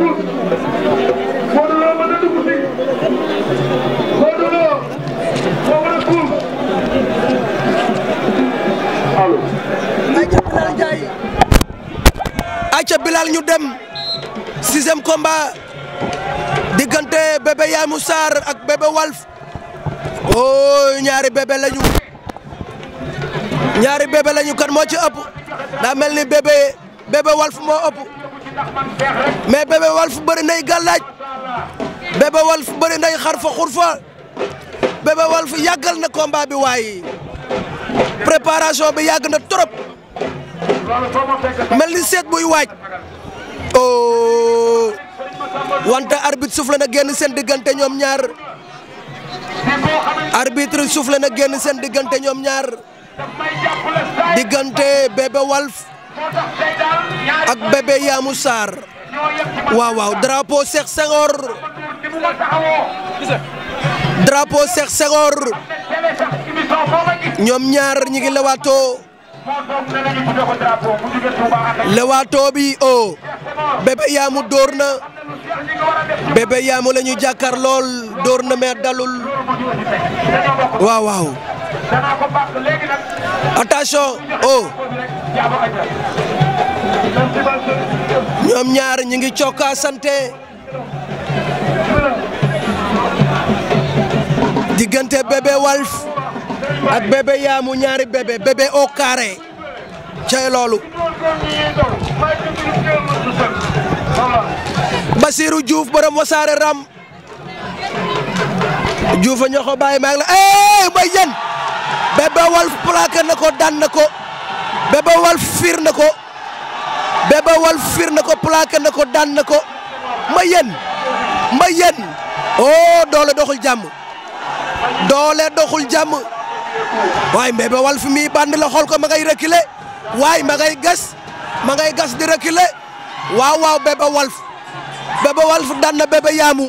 nekkul Modou ñu dem sixième komba diggante bébé Yamou Sarr ak bébé Walf oh ñaari bébé lañu ñaari bébé lañu kan moo ci ëpp daa ni bébé Walf moo ëpp. mais Bébé Walf bëri nay gàllaaj Bébé Walf bëri nay xarfa xurfa Bébé Walf yàggal na combat bi waaye préparation bi yàgg na trop mel ni seet buy waaj oh wante arbitre soufflé na génn seen diggante ñoom ñaar arbitre soufflé na génn seen diggante ñoom ñaar diggante Bébé Walf ak bébé Yamou Sarr waaw waaw drapeau Cheikh Senghor drapeau Cheikh Senghor ñoom ñaar ñi ngi lewaatoo lewaatoo bi o bébé dóor na bébé Yamou la ñu jàkkaar lool dóor na mais dalul waaw waaw attention oh ñoom ñaar ñi ngi cokka diggante bébé walf ak bébé yaamu ñaari bébé bébé au carré cay loolu Basirou Diouf Ram Diouf a ñoxo bàyyi la eh mbay jen Bébé Walf plaqué na ko daan na ko Bébé Walf fiir na ko Bébé Walf fiir na ko plaqué na ko daan na ko mayen yéen ma oh, doole doxul jàmm doole doxul jàmm waaye Bébé Walf mii bànd la xool ko ma ngay reculer waaye ma ngay gas ma ngay gas di reculer waaw waaw Bébé Walf Bébé Walf daan na Bébé Yaamu